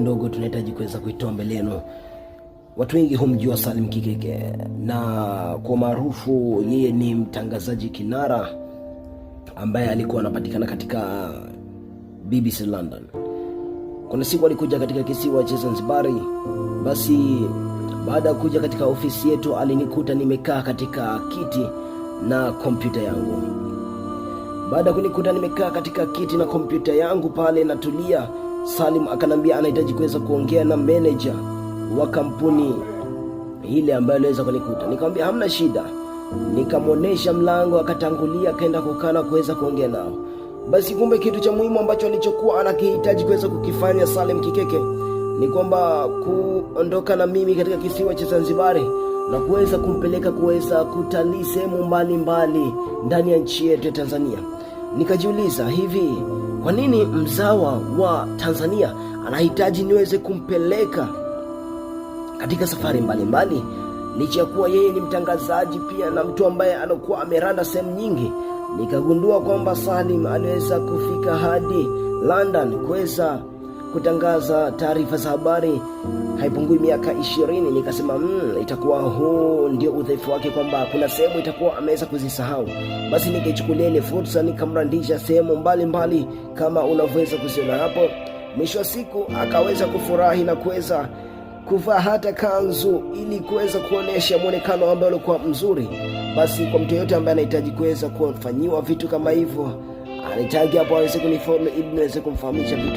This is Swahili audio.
ndogo tunahitaji kuweza kuitoa mbele yenu. Watu wengi humjua Salim Kikeke na kwa maarufu, yeye ni mtangazaji kinara ambaye alikuwa anapatikana katika BBC London. Kuna siku alikuja katika kisiwa cha Zanzibari. Basi baada ya kuja katika ofisi yetu, alinikuta nimekaa katika kiti na kompyuta yangu. Baada ya kunikuta nimekaa katika kiti na kompyuta yangu pale natulia Salim akanambia anahitaji kuweza kuongea na manager wa kampuni ile ambayo aliweza kunikuta. Nikamwambia hamna shida, nikamwonyesha mlango, akatangulia akaenda kukaa na kuweza kuongea nao. Basi kumbe kitu cha muhimu ambacho alichokuwa anakihitaji kuweza kukifanya Salim Kikeke ni kwamba kuondoka na mimi katika kisiwa cha Zanzibari na kuweza kumpeleka kuweza kutalii sehemu mbalimbali ndani ya nchi yetu ya Tanzania. Nikajiuliza hivi, kwa nini mzawa wa Tanzania anahitaji niweze kumpeleka katika safari mbalimbali licha ya kuwa yeye ni mtangazaji pia na mtu ambaye anakuwa ameranda sehemu nyingi. Nikagundua kwamba Salim aliweza kufika hadi London kuweza kutangaza taarifa za habari haipungui miaka ishirini. Nikasema mm, itakuwa huu ndio udhaifu wake, kwamba kuna sehemu itakuwa ameweza kuzisahau. Basi nikaichukulia ile fursa, nikamrandisha sehemu mbalimbali kama unavyoweza kuziona hapo. Mwisho wa siku akaweza kufurahi na kuweza kuvaa hata kanzu ili kuweza kuonesha mwonekano ambaye ulikuwa mzuri. Basi kwa mtu yoyote ambaye anahitaji kuweza kufanyiwa vitu kama hivyo, anahitaji hapo aweze kunifollow ili niweze kumfahamisha vitu